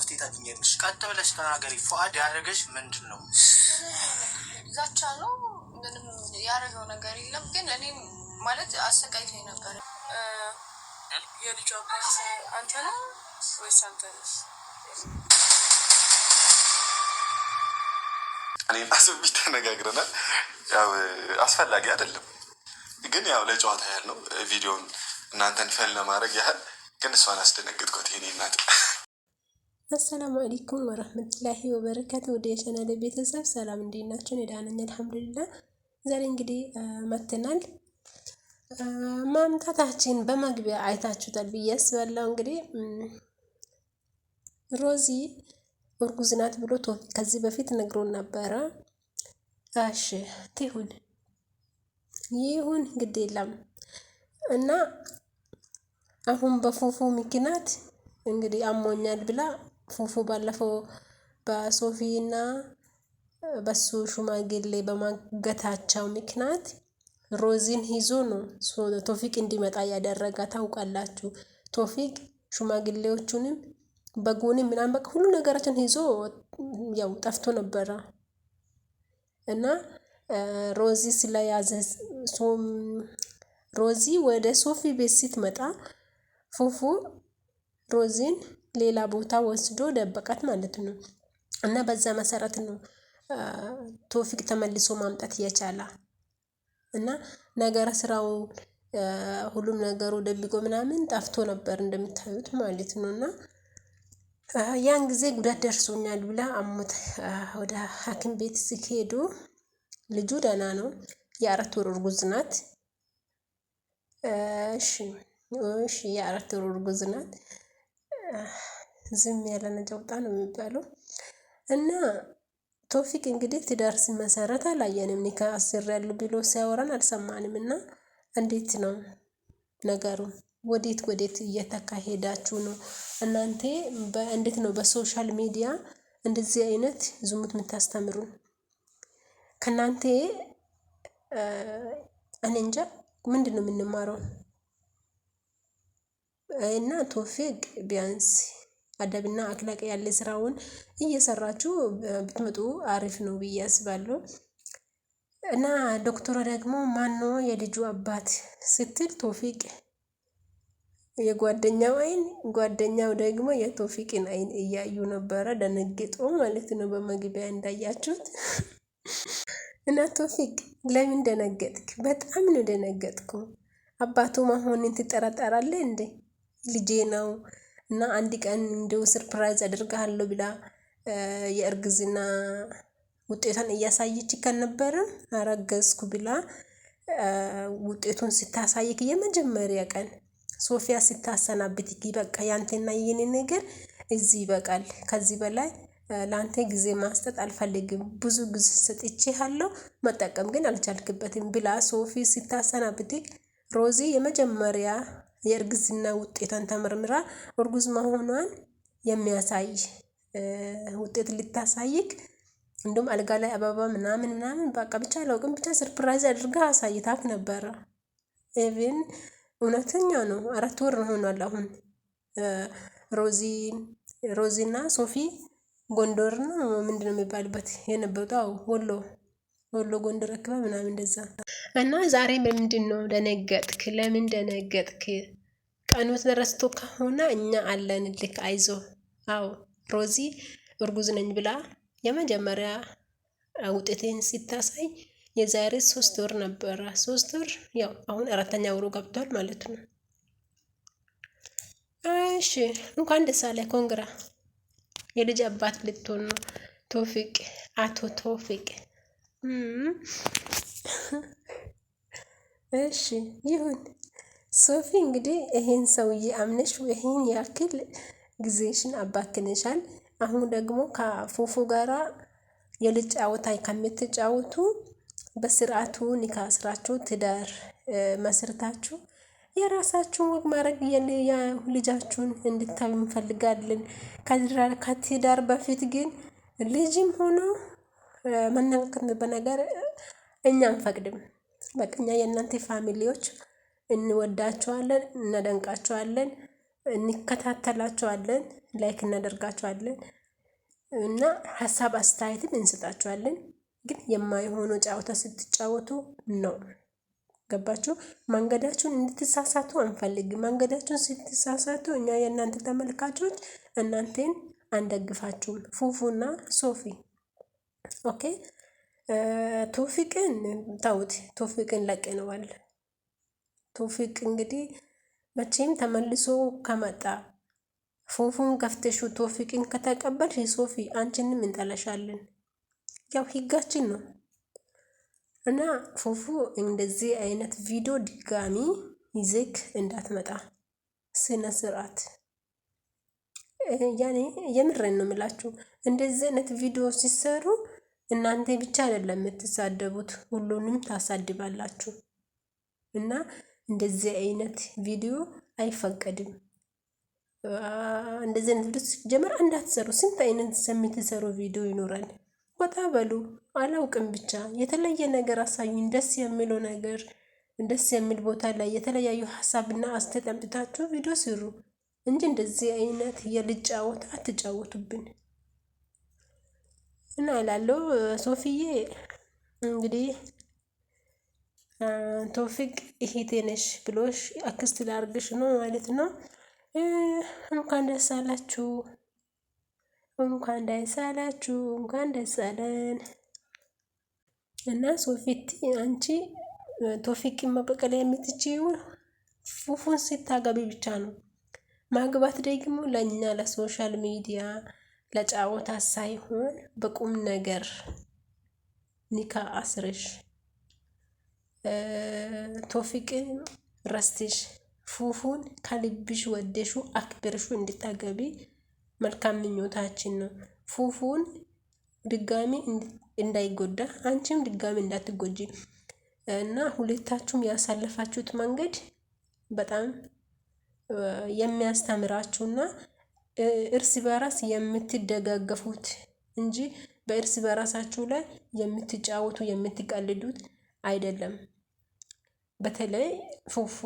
መፍትሄ ታገኛለሽ። ቀጥ ብለሽ ተናገሪ። ፉአድ ያደረገሽ ምንድን ነው? ዛቻ ነው። ምንም ያደረገው ነገር የለም። ግን እኔ ማለት አሰቃይቶኝ ነበረ። የልጁ አባት አንተ ነው ወይስ አንተ ነው? እኔ ራሱ ተነጋግረናል። ያው አስፈላጊ አይደለም፣ ግን ያው ለጨዋታ ያህል ነው። ቪዲዮን እናንተን ፈል ለማድረግ ያህል ግን እሷን አስደነግጥኳት የኔ እናት አሰላሙ አለይኩም ወረህመቱላሂ ወበረካቱ። ወደ የቻናል ቤተሰብ ሰላም እንዴት ናቸው? የዳነኝ አልሐምዱሊላ። ዛሬ እንግዲህ መትናል። ማምጣታችን በመግቢያ አይታችሁታል ብዬ አስባለሁ። እንግዲህ ሮዚ እርጉዝ ናት ብሎ ከዚህ በፊት ነግሮን ነበረ። እሺ ትሁን ይሁን ግድ የለም እና አሁን በፉፉ ምክንያት እንግዲህ አሞኛል ብላ ፉፉ ባለፈው በሶፊ እና በሱ ሽማግሌ በማገታቸው ምክንያት ሮዚን ይዞ ነው ቶፊቅ እንዲመጣ ያደረጋ ታውቃላችሁ። ቶፊቅ ሽማግሌዎቹንም በጎንም ምናምን በቃ ሁሉ ነገራችን ይዞ ያው ጠፍቶ ነበረ እና ሮዚ ስለያዘ ሮዚ ወደ ሶፊ ቤት ስትመጣ ፉፉ ሮዚን ሌላ ቦታ ወስዶ ደበቃት ማለት ነው። እና በዛ መሰረት ነው ቶፊቅ ተመልሶ ማምጣት የቻለ እና ነገረ ስራው ሁሉም ነገሩ ደብቆ ምናምን ጠፍቶ ነበር እንደምታዩት ማለት ነው። እና ያን ጊዜ ጉዳት ደርሶኛል ብላ አሞት ወደ ሐኪም ቤት ሲሄዱ ልጁ ደህና ነው። የአራት ወር እርጉዝ ናት። እሺ፣ የአራት ወር እርጉዝ ናት። ዝም ያለ ነጃውጣ ነው የሚባለው። እና ቶፊቅ እንግዲህ ትዳር ሲመሰረት አላየንም። ኒካ አስር ያሉ ብሎ ሲያወራን አልሰማንም። እና እንዴት ነው ነገሩ? ወዴት ወዴት እየተካሄዳችሁ ነው እናንተ? እንዴት ነው በሶሻል ሚዲያ እንደዚህ አይነት ዝሙት የምታስተምሩን? ከእናንተ እኔ እንጃ ምንድን ነው የምንማረው? እና ቶፊቅ ቢያንስ አደብና አክላቅ ያለ ስራውን እየሰራችሁ ብትመጡ አሪፍ ነው ብዬ አስባለሁ። እና ዶክተሯ ደግሞ ማነው የልጁ አባት ስትል ቶፊቅ የጓደኛው አይን ጓደኛው ደግሞ የቶፊቅን አይን እያዩ ነበረ። ደነግጦ ማለት ነው በመግቢያ እንዳያችሁት። እና ቶፊቅ ለምን ደነገጥክ? በጣም ነው ደነገጥኩ። አባቱ መሆንን ትጠራጠራለህ እንዴ? ልጄ ነው እና አንድ ቀን እንደው ሰርፕራይዝ አደርግሃለሁ ብላ የእርግዝና ውጤቷን እያሳየች ከነበረ አረገዝኩ ብላ ውጤቱን ስታሳይክ የመጀመሪያ ቀን ሶፊያ ስታሰናብትክ በቃ ያንተና የኔ ነገር እዚህ ይበቃል፣ ከዚህ በላይ ለአንተ ጊዜ ማስጠት አልፈልግም፣ ብዙ ጊዜ ሰጥቼሃለሁ፣ መጠቀም ግን አልቻልክበትም ብላ ሶፊ ስታሰናብትክ ሮዚ የመጀመሪያ የእርግዝና ውጤቷን ተመርምራ እርጉዝ መሆኗን የሚያሳይ ውጤት ልታሳይክ እንዲሁም አልጋ ላይ አበባ ምናምን ምናምን በቃ ብቻ አላውቅም ብቻ ሰርፕራይዝ አድርጋ አሳይታት ነበረ። ኢቭን እውነተኛ ነው። አራት ወር ሆኗል አሁን ሮዚ ሮዚ ሮዚና ሶፊ ጎንደር ነው ምንድነው የሚባልበት የነበሩት? አዎ ወሎ ወሎ ጎንደር አካባቢ ምናምን እንደዛ እና ዛሬ በምንድን ነው ደነገጥክ? ለምን ደነገጥክ? ቀኑ ተረስቶ ከሆነ እኛ አለንልክ፣ አይዞ። አዎ ሮዚ እርጉዝ ነኝ ብላ የመጀመሪያ ውጤቴን ሲታሳይ የዛሬ ሶስት ወር ነበረ። ሶስት ወር ያው አሁን አራተኛ ወሩ ገብቷል ማለት ነው። እሺ እንኳን ደስ አለ፣ ኮንግራ የልጅ አባት ልትሆን ነው። ቶፊቅ አቶ ቶፊቅ እሺ ይሁን። ሶፊ እንግዲህ ይሄን ሰውዬ አምነሽ ይሄን ያክል ጊዜሽን አባክነሻል። አሁን ደግሞ ከፉፉ ጋራ የልጫወታይ ከምትጫወቱ በስርዓቱ ኒካ ስራችሁ ትዳር መስርታችሁ የራሳችሁን ወግ ማድረግ ልጃችሁን እንድታዩ እንፈልጋለን። ከትዳር በፊት ግን ልጅም ሆኖ መነቃቀት በነገር እኛ አንፈቅድም። በቅኛ የእናንተ ፋሚሊዎች እንወዳቸዋለን፣ እናደንቃቸዋለን፣ እንከታተላቸዋለን፣ ላይክ እናደርጋቸዋለን እና ሀሳብ አስተያየትም እንሰጣቸዋለን። ግን የማይሆኑ ጨዋታ ስትጫወቱ ነው። ገባችሁ? መንገዳችሁን እንድትሳሳቱ አንፈልግም። መንገዳችሁን ስትሳሳቱ እኛ የእናንተ ተመልካቾች እናንተን አንደግፋችሁም። ፉፉና ሶፊ ኦኬ ቶፊቅን ተውት፣ ቶፊቅን ለቅነዋል። ቶፊቅ እንግዲህ መቼም ተመልሶ ከመጣ ፎፉን ከፍተሹ ቶፊቅን ከተቀበልሽ ሶፊ አንቺንም እንጠለሻለን። ያው ህጋችን ነው እና ፎፉ እንደዚህ አይነት ቪዲዮ ድጋሚ ይዘክ እንዳትመጣ ስነ ስርዓት ያኔ የምረን ነው የምላችሁ። እንደዚህ አይነት ቪዲዮ ሲሰሩ እናንተ ብቻ አይደለም የምትሳደቡት፣ ሁሉንም ታሳድባላችሁ። እና እንደዚህ አይነት ቪዲዮ አይፈቀድም። እንደዚህ አይነት ቪዲዮ ጀመር እንዳትሰሩ። ስንት አይነት የምትሰሩ ቪዲዮ ይኖራል። ወጣ በሉ አላውቅም፣ ብቻ የተለየ ነገር አሳዩኝ። ደስ የሚለው ነገር ደስ የሚል ቦታ ላይ የተለያዩ ሀሳብና አስተጠምጥታችሁ ቪዲዮ ስሩ እንጂ እንደዚህ አይነት የልጫወት አትጫወቱብን። እና ይላለው ሶፊዬ እንግዲህ ቶፊቅ እህቴ ነሽ ብሎሽ አክስት ላርግሽ ነው ማለት ነው። እንኳን ደስ አላችሁ፣ እንኳን ደስ አላችሁ፣ እንኳን ደስ አለን እና ሶፊቲ አንቺ ቶፊቅን መበቀል የምትችይው ፉፉን ስታገቢ ብቻ ነው። ማግባት ደግሞ ለእኛ ለሶሻል ሚዲያ ለጫወታ ሳይሆን በቁም ነገር ኒካ አስርሽ ቶፊቅን ረስትሽ ፉፉን ከልብሽ ወደሹ አክብርሹ እንድታገቢ መልካም ምኞታችን ነው። ፉፉን ድጋሚ እንዳይጎዳ አንቺም ድጋሚ እንዳትጎጂ እና ሁለታችሁም ያሳለፋችሁት መንገድ በጣም የሚያስተምራችሁና እርስ በራስ የምትደጋገፉት እንጂ በእርስ በራሳችሁ ላይ የምትጫወቱ የምትቀልዱት አይደለም። በተለይ ፉፉ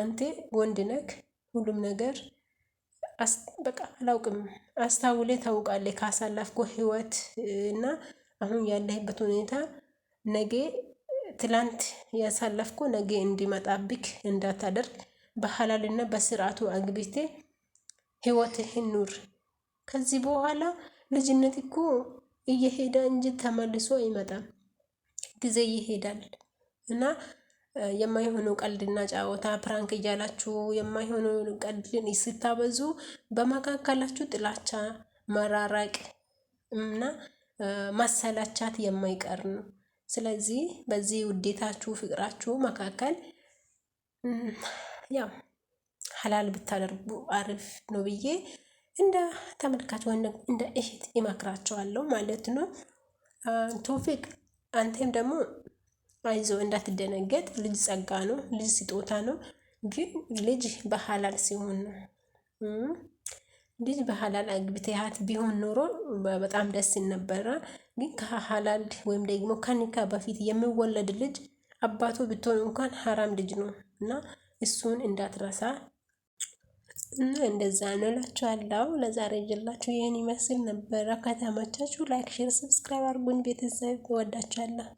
አንቴ ወንድ ነክ ሁሉም ነገር በቃ አላውቅም አስታውሌ ታውቃለህ ካሳለፍኮ ህይወት እና አሁን ያለህበት ሁኔታ ነገ ትላንት ያሳለፍኮ ነገ እንዲመጣብክ እንዳታደርግ በሐላልና በስርዓቱ አግብቴ ህይወትህን ኑር። ከዚህ በኋላ ልጅነት እኮ እየሄደ እንጂ ተመልሶ አይመጣም። ጊዜ ይሄዳል እና የማይሆኑ ቀልድና ጫወታ ፕራንክ እያላችሁ የማይሆኑ ቀልድን ስታበዙ በመካከላችሁ ጥላቻ፣ መራራቅ እና ማሰላቻት የማይቀር ነው። ስለዚህ በዚህ ውዴታችሁ፣ ፍቅራችሁ መካከል ያው ሀላል ብታደርጉ አሪፍ ነው ብዬ እንደ ተመልካች ወይ እንደ እህት ይመክራቸዋለሁ ማለት ነው። ቶፊቅ አንተም ደግሞ አይዞ እንዳትደነገጥ። ልጅ ጸጋ ነው፣ ልጅ ስጦታ ነው። ግን ልጅ በሀላል ሲሆን ነው። ልጅ በሀላል አግብተሃት ቢሆን ኖሮ በጣም ደስ ይል ነበረ። ግን ከሀላል ወይም ደግሞ ከኒካ በፊት የሚወለድ ልጅ አባቱ ብትሆን እንኳን ሀራም ልጅ ነው እና እሱን እንዳትረሳ እና እንደዛ ነው እላችኋለሁ። ለዛሬ ጀላችሁ ይህን ይመስል ነበረ። ከተመቻችሁ ላይክ፣ ሼር፣ ሰብስክራይብ አድርጉኝ። ቤተሰብ እወዳችኋለሁ።